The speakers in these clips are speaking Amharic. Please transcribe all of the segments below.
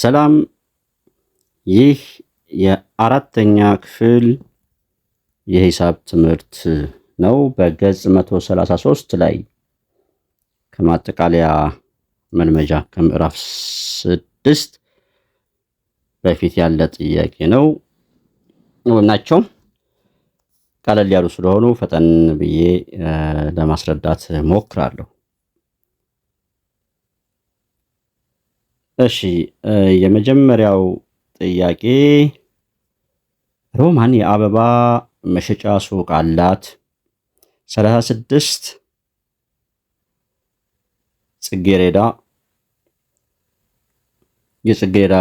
ሰላም። ይህ የአራተኛ ክፍል የሂሳብ ትምህርት ነው። በገጽ 133 ላይ ከማጠቃለያ መልመጃ ከምዕራፍ ስድስት በፊት ያለ ጥያቄ ነው ናቸው። ቀለል ያሉ ስለሆኑ ፈጠን ብዬ ለማስረዳት ሞክራለሁ። እሺ የመጀመሪያው ጥያቄ ሮማን የአበባ መሸጫ ሱቅ አላት። 36 ጽጌሬዳ የጽጌሬዳ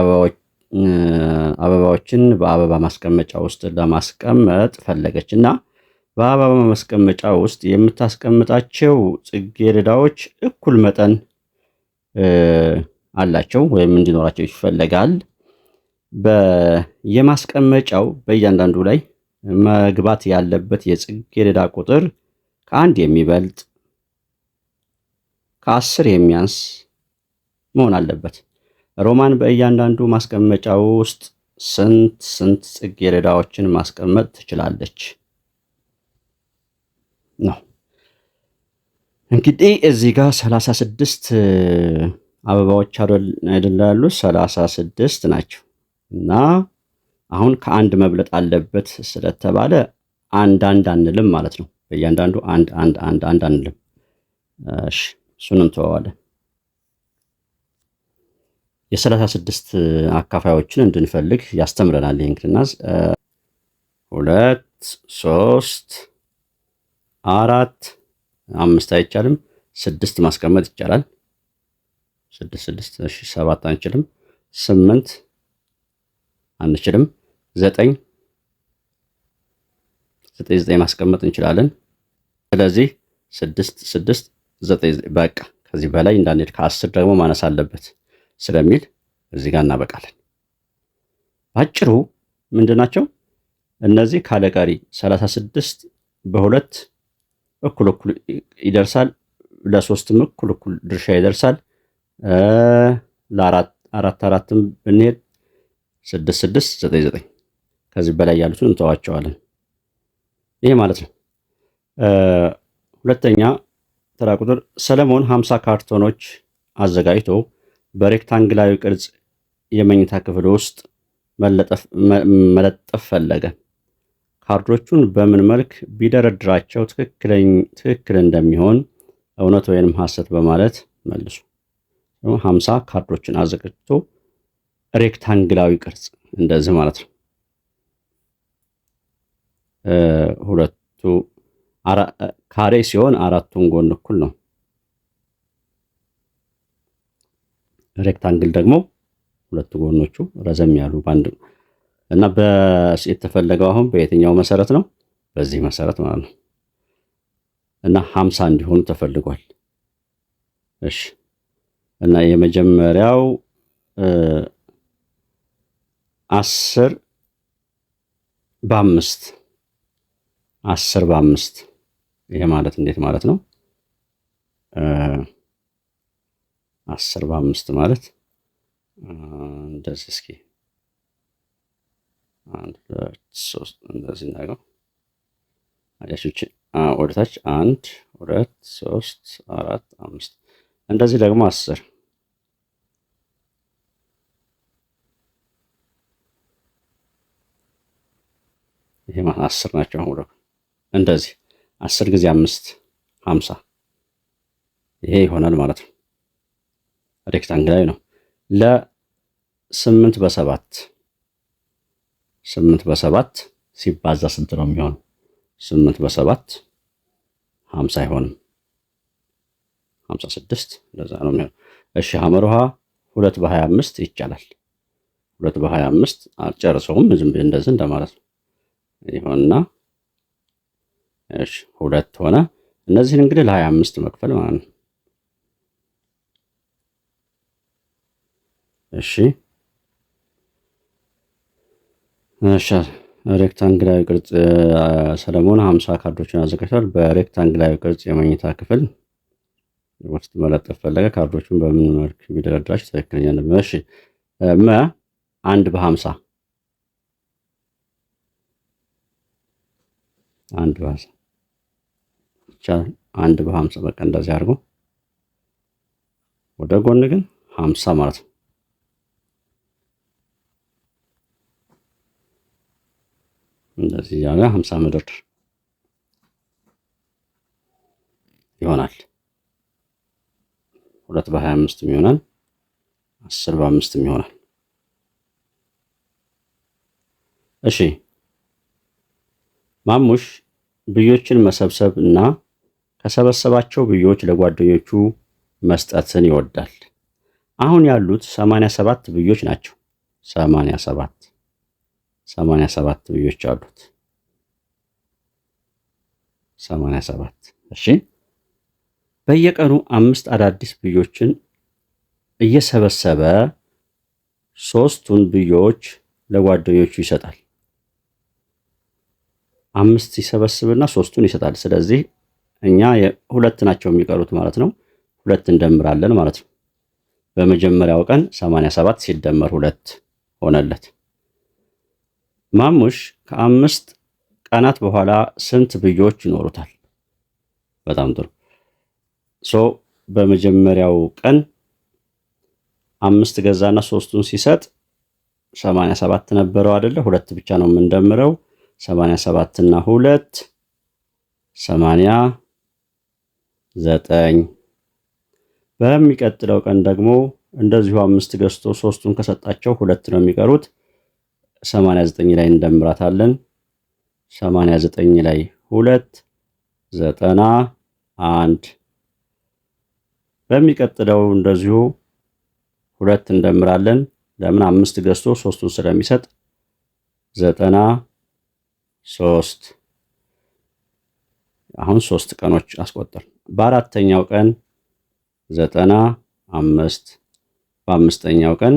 አበባዎችን በአበባ ማስቀመጫ ውስጥ ለማስቀመጥ ፈለገች እና በአበባ ማስቀመጫ ውስጥ የምታስቀምጣቸው ጽጌሬዳዎች እኩል መጠን አላቸው ወይም እንዲኖራቸው ይፈለጋል። የማስቀመጫው በእያንዳንዱ ላይ መግባት ያለበት የጽጌረዳ ቁጥር ከአንድ የሚበልጥ ከአስር የሚያንስ መሆን አለበት። ሮማን በእያንዳንዱ ማስቀመጫ ውስጥ ስንት ስንት ጽጌረዳዎችን ማስቀመጥ ትችላለች ነው። እንግዲህ እዚህ ጋር ሰላሳ ስድስት አበባዎች አይደለ ያሉ ሰላሳ ስድስት ናቸው እና አሁን ከአንድ መብለጥ አለበት ስለተባለ አንድ አንድ አንልም ማለት ነው። በእያንዳንዱ አንድ አንድ አንድ አንድ አንልም። እሺ እሱንም ተዋዋለን። የሰላሳ ስድስት አካፋዮችን እንድንፈልግ ያስተምረናል። ይህ እንግዲና ሁለት ሶስት አራት አምስት አይቻልም፣ ስድስት ማስቀመጥ ይቻላል። ስድስት ስድስት ሰባት አንችልም። ስምንት አንችልም። ዘጠኝ ዘጠኝ ዘጠኝ ማስቀመጥ እንችላለን። ስለዚህ ስድስት ስድስት ዘጠኝ በቃ ከዚህ በላይ እንዳንሄድ ከአስር ደግሞ ማነስ አለበት ስለሚል እዚህ ጋር እናበቃለን። አጭሩ ምንድን ናቸው እነዚህ? ካለቀሪ ሰላሳ ስድስት በሁለት እኩል እኩል ይደርሳል። ለሶስትም እኩል እኩል ድርሻ ይደርሳል። ለአራት አራት አራትም ብንሄድ ስድስት ስድስት ዘጠኝ ዘጠኝ ከዚህ በላይ ያሉትን እንተዋቸዋለን። ይሄ ማለት ነው። ሁለተኛ ተራ ቁጥር ሰለሞን ሀምሳ ካርቶኖች አዘጋጅቶ በሬክታንግላዊ ቅርጽ የመኝታ ክፍል ውስጥ መለጠፍ ፈለገ። ካርዶቹን በምን መልክ ቢደረድራቸው ትክክል እንደሚሆን እውነት ወይንም ሐሰት በማለት መልሱ። ሀምሳ ካርዶችን አዘጋጅቶ ሬክታንግላዊ ቅርጽ እንደዚህ ማለት ነው። ሁለቱ ካሬ ሲሆን አራቱን ጎን እኩል ነው። ሬክታንግል ደግሞ ሁለቱ ጎኖቹ ረዘም ያሉ በአንድ እና የተፈለገው አሁን በየትኛው መሰረት ነው? በዚህ መሰረት ማለት ነው። እና ሀምሳ እንዲሆኑ ተፈልጓል። እሺ እና የመጀመሪያው አስር በአምስት አስር በአምስት ይሄ ማለት እንዴት ማለት ነው? አስር በአምስት ማለት እንደዚህ እስኪ አንድ ሁለት ሶስት እንደዚህ እናገው አያችሁች ወደታች አንድ ሁለት ሶስት አራት አምስት እንደዚህ ደግሞ አስር ይሄ ማለት አስር ናቸው። አሁን ደግሞ እንደዚህ አስር ጊዜ አምስት ሀምሳ ይሄ ይሆናል ማለት ነው። ሬክታንግላዊ ነው። ለስምንት በሰባት ስምንት በሰባት ሲባዛ ስንት ነው የሚሆነው? ስምንት በሰባት ሀምሳ አይሆንም ሀምሳ ስድስት እንደዛ ነው የሚሆነው። እሺ ሀመር ውሃ ሁለት በሀያ አምስት ይቻላል። ሁለት በሀያ አምስት አልጨርሰውም። ዝም ብዬ እንደዚህ እንደማለት ነው። ይሆንና እሺ ሁለት ሆነ። እነዚህን እንግዲህ ለሀያ አምስት መክፈል ማለት ነው። እሺ እሺ ሬክታንግላዊ ቅርጽ ሰለሞን ሀምሳ ካርዶችን አዘጋጅቷል። በሬክታንግላዊ ቅርጽ የመኝታ ክፍል ውስጥ መለጠፍ ፈለገ። ካርዶቹን በምን መልክ ቢደረድራቸው ትክክለኛ? እሺ መ አንድ በሀምሳ አንድ በሀምሳ ብቻ አንድ በሀምሳ በቃ እንደዚህ አድርጎ ወደ ጎን ግን ሀምሳ ማለት ነው። እንደዚህ እያለ ሀምሳ መደርደር ይሆናል። ሁለት በሀያ አምስትም ይሆናል። አስር በአምስትም ይሆናል። እሺ ማሙሽ ብዮችን መሰብሰብ እና ከሰበሰባቸው ብዮች ለጓደኞቹ መስጠትን ይወዳል። አሁን ያሉት 87 ብዮች ናቸው። 87 87 ብዮች አሉት። 87 እሺ። በየቀኑ አምስት አዳዲስ ብዮችን እየሰበሰበ ሶስቱን ብዮች ለጓደኞቹ ይሰጣል። አምስት ይሰበስብና ሶስቱን ይሰጣል። ስለዚህ እኛ ሁለት ናቸው የሚቀሩት ማለት ነው። ሁለት እንደምራለን ማለት ነው። በመጀመሪያው ቀን 87 ሲደመር ሁለት ሆነለት። ማሙሽ ከአምስት ቀናት በኋላ ስንት ብዮች ይኖሩታል? በጣም ጥሩ ሶ በመጀመሪያው ቀን አምስት ገዛና ሶስቱን ሲሰጥ 87 ነበረው አይደለ? ሁለት ብቻ ነው የምንደምረው። ሰማንያ ሰባት እና ሁለት ሰማንያ ዘጠኝ በሚቀጥለው ቀን ደግሞ እንደዚሁ አምስት ገዝቶ ሶስቱን ከሰጣቸው ሁለት ነው የሚቀሩት። ሰማንያ ዘጠኝ ላይ እንደምራታለን። ሰማንያ ዘጠኝ ላይ ሁለት ዘጠና አንድ በሚቀጥለው እንደዚሁ ሁለት እንደምራለን። ለምን አምስት ገዝቶ ሶስቱን ስለሚሰጥ ዘጠና ሶስት አሁን ሶስት ቀኖች አስቆጠር። በአራተኛው ቀን ዘጠና አምስት በአምስተኛው ቀን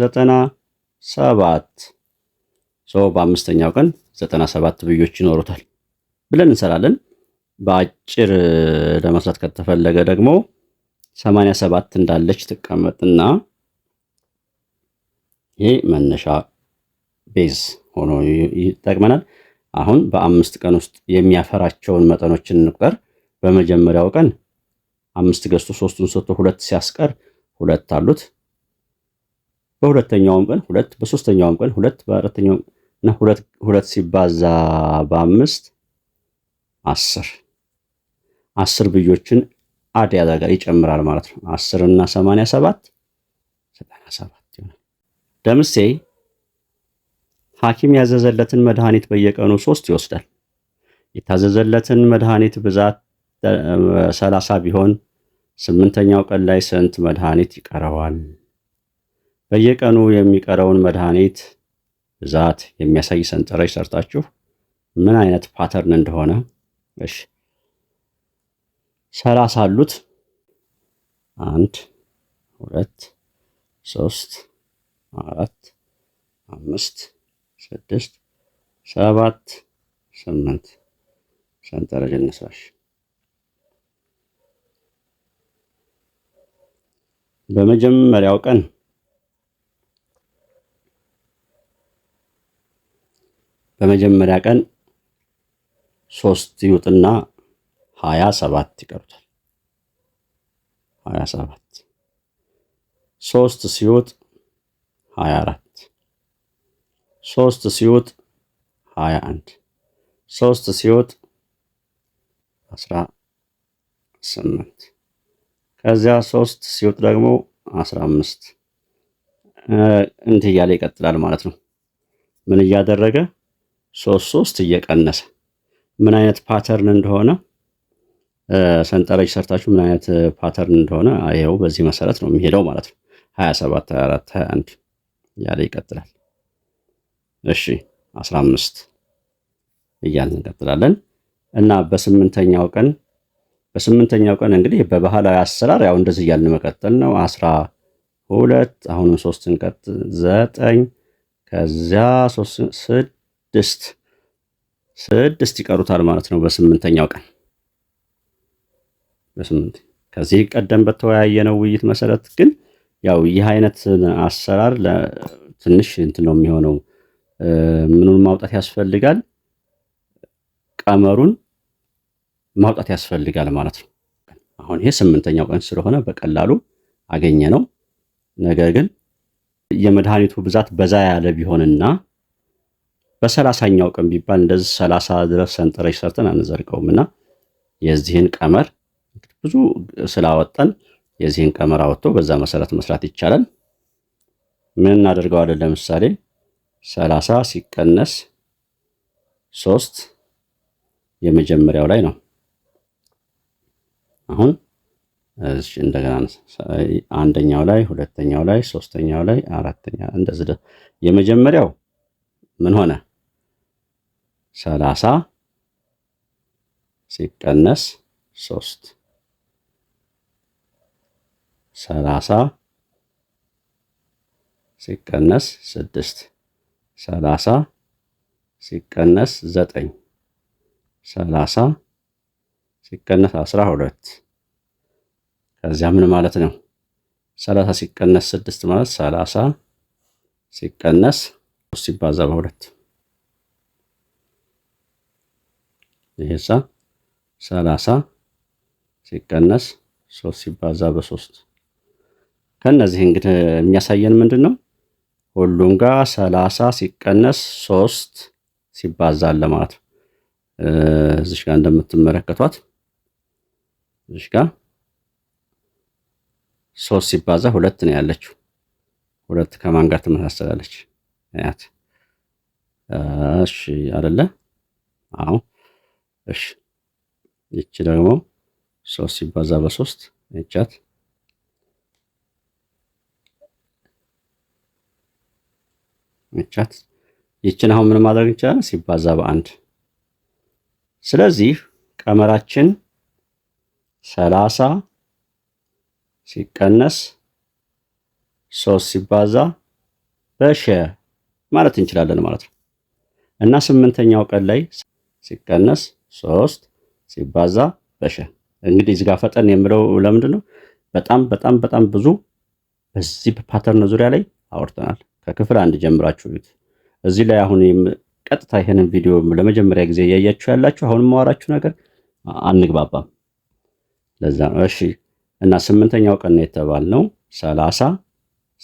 ዘጠና ሰባት ሰው በአምስተኛው ቀን ዘጠና ሰባት ብዮች ይኖሩታል ብለን እንሰራለን። በአጭር ለመስራት ከተፈለገ ደግሞ ሰማንያ ሰባት እንዳለች ትቀመጥና ይሄ መነሻ ቤዝ ሆኖ ይጠቅመናል። አሁን በአምስት ቀን ውስጥ የሚያፈራቸውን መጠኖችን እንቁጠር። በመጀመሪያው ቀን አምስት ገዝቶ ሶስቱን ሰጥቶ ሁለት ሲያስቀር ሁለት አሉት። በሁለተኛውም ቀን ሁለት፣ በሶስተኛውም ቀን ሁለት፣ በአራተኛው እና ሁለት ሁለት ሲባዛ በአምስት አስር አስር ብዮችን አድ ያደርጋል ይጨምራል ማለት ነው። አስር እና ሰማንያ ሰባት ዘጠና ሰባት ይሆናል። ደምሴ ሐኪም ያዘዘለትን መድኃኒት በየቀኑ ሶስት ይወስዳል። የታዘዘለትን መድኃኒት ብዛት ሰላሳ ቢሆን ስምንተኛው ቀን ላይ ስንት መድኃኒት ይቀረዋል? በየቀኑ የሚቀረውን መድኃኒት ብዛት የሚያሳይ ሰንጠረዥ ሰርታችሁ ምን አይነት ፓተርን እንደሆነ እሺ፣ ሰላሳ አሉት። አንድ ሁለት ሶስት አራት አምስት ስድስት ሰባት ስምንት ሰንጠረዥ እንስራሽ። በመጀመሪያው ቀን በመጀመሪያ ቀን ሶስት ይውጥና ሀያ ሰባት ይቀሩታል። ሀያ ሰባት ሶስት ሲውጥ ሀያ አራት ሶስት ሲውጥ ሀያ አንድ ሶስት ሲውጥ አስራ ስምንት ከዚያ ሶስት ሲውጥ ደግሞ አስራ አምስት እንዲህ እያለ ይቀጥላል ማለት ነው። ምን እያደረገ ሶስት ሶስት እየቀነሰ ምን አይነት ፓተርን እንደሆነ ሰንጠረዥ ሰርታችሁ ምን አይነት ፓተርን እንደሆነ ይኸው በዚህ መሰረት ነው የሚሄደው ማለት ነው። 27 24 21 እያለ ይቀጥላል። እሺ አስራ አምስት እያልን እንቀጥላለን እና በስምንተኛው ቀን በስምንተኛው ቀን እንግዲህ በባህላዊ አሰራር ያው እንደዚህ እያልን መቀጠል ነው። አስራ ሁለት አሁንም ሶስትን ቀጥ ዘጠኝ ከዚያ ስድስት ስድስት ይቀሩታል ማለት ነው። በስምንተኛው ቀን በስምንት ከዚህ ቀደም በተወያየነው ውይይት መሰረት ግን ያው ይህ አይነት አሰራር ትንሽ እንትን ነው የሚሆነው ምኑን ማውጣት ያስፈልጋል? ቀመሩን ማውጣት ያስፈልጋል ማለት ነው። አሁን ይሄ ስምንተኛው ቀን ስለሆነ በቀላሉ አገኘ ነው። ነገር ግን የመድኃኒቱ ብዛት በዛ ያለ ቢሆንና በሰላሳኛው ቀን ቢባል እንደዚህ ሰላሳ ድረስ ሰንጠረዥ ሰርተን አንዘርቀውም እና የዚህን ቀመር ብዙ ስላወጠን የዚህን ቀመር አወጥቶ በዛ መሰረት መስራት ይቻላል። ምን እናደርገዋለን? ለምሳሌ ሰላሳ ሲቀነስ ሶስት የመጀመሪያው ላይ ነው። አሁን እንደገና አንደኛው ላይ፣ ሁለተኛው ላይ፣ ሶስተኛው ላይ፣ አራተኛ እንደዚህ የመጀመሪያው ምን ሆነ? ሰላሳ ሲቀነስ ሶስት ሰላሳ ሲቀነስ ስድስት ሰላሳ ሲቀነስ ዘጠኝ ሰላሳ ሲቀነስ አስራ ሁለት ከዚያ ምን ማለት ነው? ሰላሳ ሲቀነስ ስድስት ማለት ሰላሳ ሲቀነስ ሶስት ሲባዛ በሁለት ይሄሳ ሰላሳ ሲቀነስ ሶስት ሲባዛ በሶስት ከእነዚህ እንግዲህ የሚያሳየን ምንድን ነው? ሁሉም ጋር ሰላሳ ሲቀነስ ሶስት ሲባዛል ለማለት ነው። እዚሽ ጋር እንደምትመለከቷት እዚሽ ጋር ሶስት ሲባዛ ሁለት ነው ያለችው። ሁለት ከማን ጋር ትመሳሰላለች? ያት እሺ አይደለ? አዎ እሺ። ይቺ ደግሞ ሶስት ሲባዛ በሶስት ይቻት መቻት ይችን አሁን ምን ማድረግ እንችላለን? ሲባዛ በአንድ ስለዚህ ቀመራችን ሰላሳ ሲቀነስ ሶስት ሲባዛ በሸ ማለት እንችላለን ማለት ነው እና ስምንተኛው ቀን ላይ ሲቀነስ ሶስት ሲባዛ በሸ እንግዲህ እዚህ ጋር ፈጠን የምለው ለምንድን ነው? በጣም በጣም በጣም ብዙ በዚህ በፓተርን ዙሪያ ላይ አውርተናል። ከክፍል አንድ ጀምራችሁ ሉት እዚህ ላይ አሁን ቀጥታ ይሄንን ቪዲዮ ለመጀመሪያ ጊዜ እያያችሁ ያላችሁ አሁን ማወራችሁ ነገር አንግባባም። ለዛ ነው እሺ። እና ስምንተኛው ቀን ነው የተባልነው ሰላሳ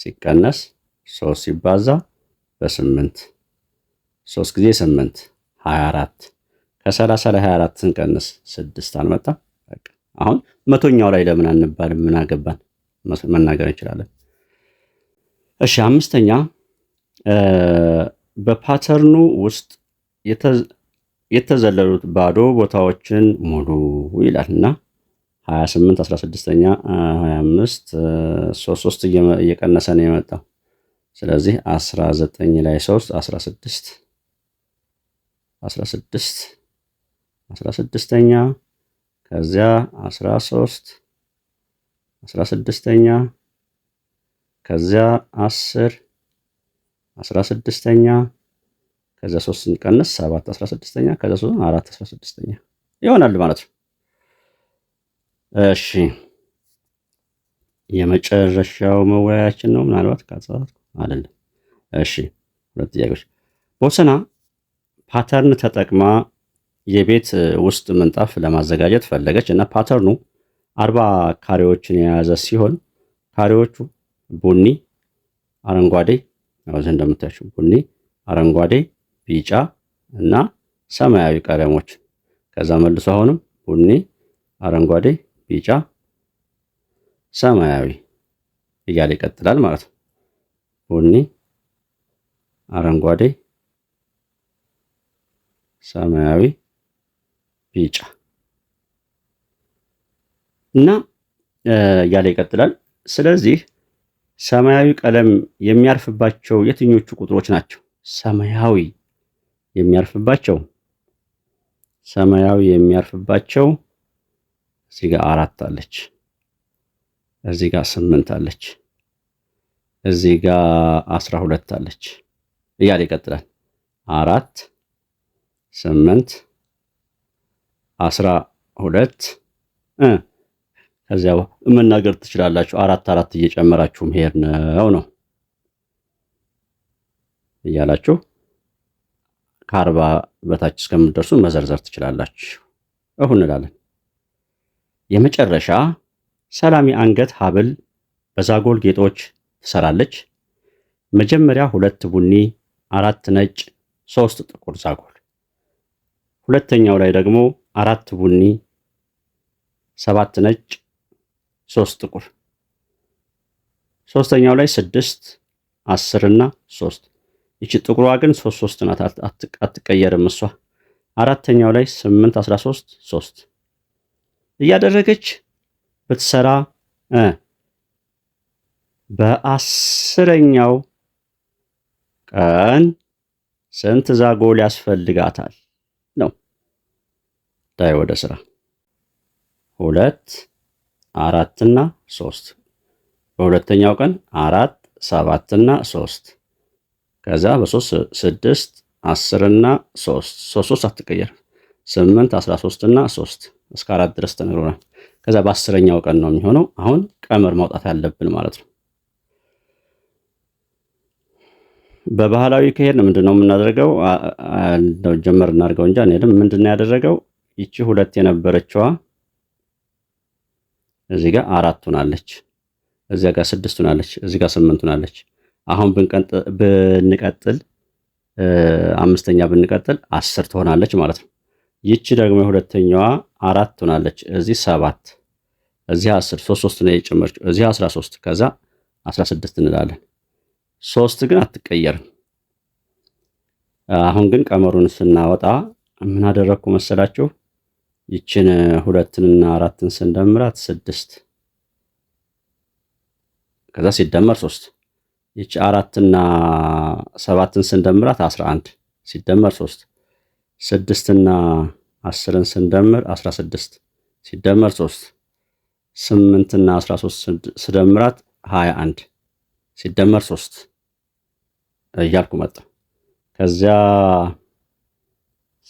ሲቀነስ ሶስት ሲባዛ በስምንት ሶስት ጊዜ ስምንት ሀያ አራት ከሰላሳ ላይ ሀያ አራት ስንቀንስ ስድስት አልመጣም። አሁን መቶኛው ላይ ለምን አንባልም? ምን አገባን? መናገር እንችላለን። እሺ አምስተኛ በፓተርኑ ውስጥ የተዘለሉት ባዶ ቦታዎችን ሙሉ ይላል እና 28 16ኛ 25 እየቀነሰ ነው የመጣው። ስለዚህ 19 ላይ 3 16 16 16ኛ ከዚያ 13 16ኛ ከዚያ አስር አስራ ስድስተኛ ከዛ ሶስት ስንቀንስ ሰባት አስራ ስድስተኛ ከዛ ሶስት አራት አስራ ስድስተኛ ይሆናል ማለት ነው። እሺ የመጨረሻው መወያያችን ነው። ምናልባት ካጻፍ አይደለም። እሺ ሁለት ጥያቄዎች። ቦሰና ፓተርን ተጠቅማ የቤት ውስጥ ምንጣፍ ለማዘጋጀት ፈለገች እና ፓተርኑ አርባ ካሬዎችን የያዘ ሲሆን ካሬዎቹ ቡኒ፣ አረንጓዴ እዚህ እንደምታችሁ ቡኒ፣ አረንጓዴ፣ ቢጫ እና ሰማያዊ ቀለሞች ከዛ መልሶ አሁንም ቡኒ፣ አረንጓዴ፣ ቢጫ፣ ሰማያዊ እያለ ይቀጥላል ማለት ነው። ቡኒ፣ አረንጓዴ፣ ሰማያዊ፣ ቢጫ እና እያለ ይቀጥላል። ስለዚህ ሰማያዊ ቀለም የሚያርፍባቸው የትኞቹ ቁጥሮች ናቸው? ሰማያዊ የሚያርፍባቸው ሰማያዊ የሚያርፍባቸው እዚህ ጋር አራት አለች፣ እዚህ ጋር ስምንት አለች፣ እዚህ ጋር አስራ ሁለት አለች እያለ ይቀጥላል። አራት ስምንት አስራ ሁለት ከዚያ መናገር ትችላላችሁ። አራት አራት እየጨመራችሁ መሄድ ነው ነው እያላችሁ ከአርባ በታች እስከምትደርሱ መዘርዘር ትችላላችሁ። እሁ እንላለን። የመጨረሻ ሰላም የአንገት ሀብል በዛጎል ጌጦች ትሰራለች። መጀመሪያ ሁለት ቡኒ፣ አራት ነጭ፣ ሶስት ጥቁር ዛጎል ሁለተኛው ላይ ደግሞ አራት ቡኒ፣ ሰባት ነጭ ሶስት ጥቁር ሶስተኛው ላይ ስድስት አስርና ሶስት ይቺ ጥቁሯ ግን ሶስት ሶስት ናት፣ አትቀየርም እሷ። አራተኛው ላይ ስምንት አስራ ሶስት ሶስት እያደረገች ብትሰራ በአስረኛው ቀን ስንት ዛጎል ያስፈልጋታል ነው ታይ ወደ ስራ ሁለት አራት እና ሶስት በሁለተኛው ቀን አራት ሰባት እና ሶስት ከዛ በሶስት ስድስት አስር እና ሶስት ሶስት ሶስት አትቀየር ስምንት አስራ ሶስት እና ሶስት እስከ አራት ድረስ ተነግሮናል። ከዛ በአስረኛው ቀን ነው የሚሆነው። አሁን ቀመር ማውጣት ያለብን ማለት ነው። በባህላዊ ከሄድን ምንድን ነው የምናደርገው? ጀመር እናድርገው እንጂ አንሄድም። ምንድን ነው ያደረገው? ይቺ ሁለት የነበረችዋ እዚህ ጋር አራት ሆናለች፣ እዚያ ጋር ስድስት ሆናለች፣ እዚህ ጋር ስምንት ሆናለች። አሁን ብንቀጥል አምስተኛ ብንቀጥል አስር ትሆናለች ማለት ነው። ይቺ ደግሞ የሁለተኛዋ አራት ሆናለች፣ እዚህ ሰባት፣ እዚህ አስር፣ ሶስት ሶስት ነው የጨመረችው፣ እዚህ አስራ ሶስት ከዛ አስራ ስድስት እንላለን። ሶስት ግን አትቀየርም። አሁን ግን ቀመሩን ስናወጣ ምን አደረግኩ መሰላችሁ? ይችን ሁለትንና አራትን ስንደምራት ስድስት ከዛ ሲደመር ሶስት ይች አራትና ሰባትን ስንደምራት አስራ አንድ ሲደመር ሶስት ስድስትና አስርን ስንደምር አስራ ስድስት ሲደመር ሶስት ስምንትና አስራ ሶስት ስደምራት ሀያ አንድ ሲደመር ሶስት እያልኩ መጣ ከዚያ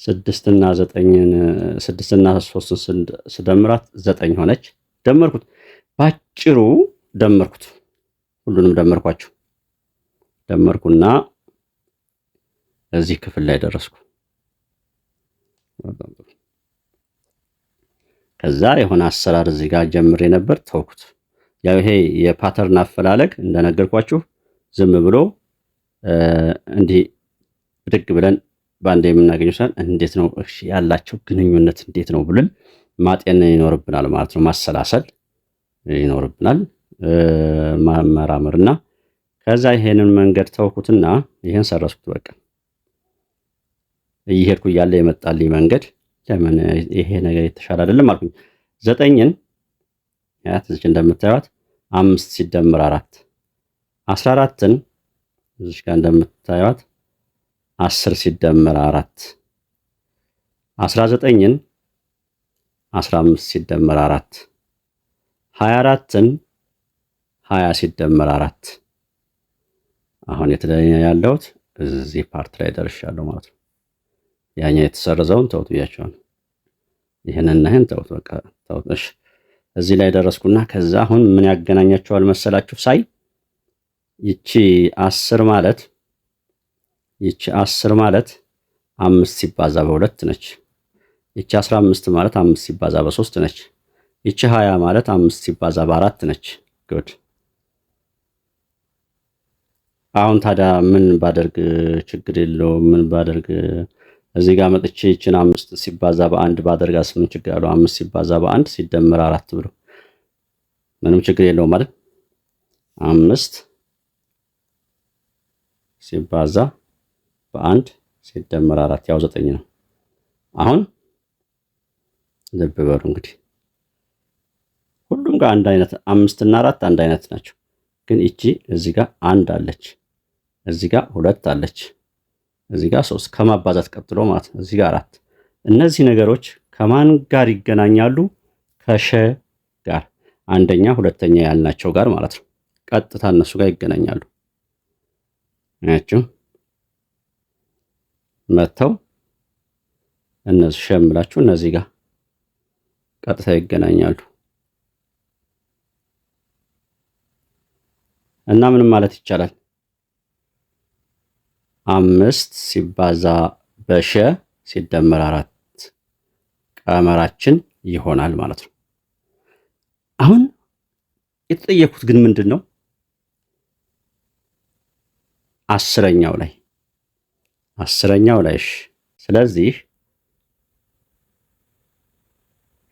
ስድስትና ዘጠኝን ስድስትና ሶስትን ስደምራት ዘጠኝ ሆነች። ደመርኩት፣ ባጭሩ ደመርኩት፣ ሁሉንም ደመርኳቸው። ደመርኩና እዚህ ክፍል ላይ ደረስኩ። ከዛ የሆነ አሰራር እዚህ ጋር ጀምሬ ነበር ተውኩት። ያው ይሄ የፓተርን አፈላለግ እንደነገርኳችሁ ዝም ብሎ እንዲህ ብድግ ብለን በአንድ የምናገኘው ሲሆን እንዴት ነው ያላቸው ግንኙነት እንዴት ነው ብለን ማጤን ይኖርብናል ማለት ነው። ማሰላሰል ይኖርብናል መመራመርና ከዛ ይሄንን መንገድ ተውኩትና ይሄን ሰረስኩት። በቃ እየሄድኩ እያለ የመጣልኝ መንገድ ለምን ይሄ ነገር የተሻለ አይደለም አልኩኝ። ዘጠኝን ያት እዚች እንደምታዩት አምስት ሲደምር አራት አስራ አራትን እዚች ጋር እንደምታዩት አስር ሲደመር አራት አስራ ዘጠኝን አስራ አምስት ሲደመር አራት ሀያ አራትን ሀያ ሲደመር አራት አሁን የተለየ ያለሁት እዚህ ፓርት ላይ ደርሻለሁ ማለት ነው። ያኛ የተሰረዘውን ተውት ብያቸዋል። ይህንና ይህን ተውት በቃ ተውት። እሺ እዚህ ላይ ደረስኩና ከዛ አሁን ምን ያገናኛቸዋል መሰላችሁ ሳይ ይቺ አስር ማለት ይቺ አስር ማለት አምስት ሲባዛ በሁለት ነች። ይቺ አስራ አምስት ማለት አምስት ሲባዛ በሶስት ነች። ይቺ ሀያ ማለት አምስት ሲባዛ በአራት ነች። ግድ አሁን ታዲያ ምን ባደርግ ችግር የለውም? ምን ባደርግ እዚህ ጋር መጥቼ ይችን አምስት ሲባዛ በአንድ ባደርጋ ስምን ችግር አለው? አምስት ሲባዛ በአንድ ሲደመር አራት ብሎ ምንም ችግር የለውም ማለት አምስት ሲባዛ በአንድ ሲደመር አራት ያው ዘጠኝ ነው። አሁን ልብ በሉ እንግዲህ ሁሉም ጋር አንድ አይነት አምስት እና አራት አንድ አይነት ናቸው። ግን እቺ እዚህ ጋር አንድ አለች፣ እዚህ ጋር ሁለት አለች፣ እዚህ ጋር ሶስት ከማባዛት ቀጥሎ ማለት ነው። እዚህ ጋር አራት። እነዚህ ነገሮች ከማን ጋር ይገናኛሉ? ከሸ ጋር አንደኛ ሁለተኛ ያልናቸው ጋር ማለት ነው። ቀጥታ እነሱ ጋር ይገናኛሉ። አያችሁ? መጥተው እነዚህ ሸምላችሁ እነዚህ ጋር ቀጥታ ይገናኛሉ እና ምንም ማለት ይቻላል አምስት ሲባዛ በሸ ሲደመር አራት ቀመራችን ይሆናል ማለት ነው። አሁን የተጠየኩት ግን ምንድን ነው አስረኛው ላይ አስረኛው ላይ ሽ። ስለዚህ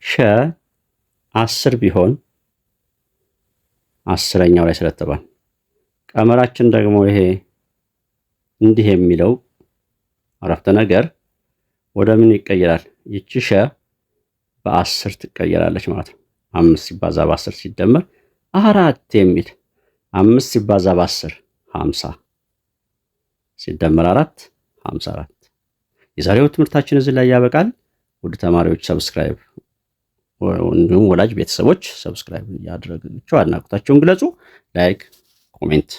ሸ አስር ቢሆን አስረኛው ላይ ስለተባል ቀመራችን ደግሞ ይሄ እንዲህ የሚለው አረፍተ ነገር ወደ ምን ይቀየራል? ይቺ ሸ በአስር ትቀየራለች ማለት ነው። አምስት ሲባዛ በአስር ሲደመር አራት የሚል አምስት ሲባዛ በአስር ሀምሳ ሲደመር አራት 54 የዛሬው ትምህርታችን እዚህ ላይ ያበቃል። ውድ ተማሪዎች ሰብስክራይብ እንዲሁም ወላጅ ቤተሰቦች ሰብስክራይብ እያደረጋችሁ አድናቆታቸውን ግለጹ። ላይክ ኮሜንት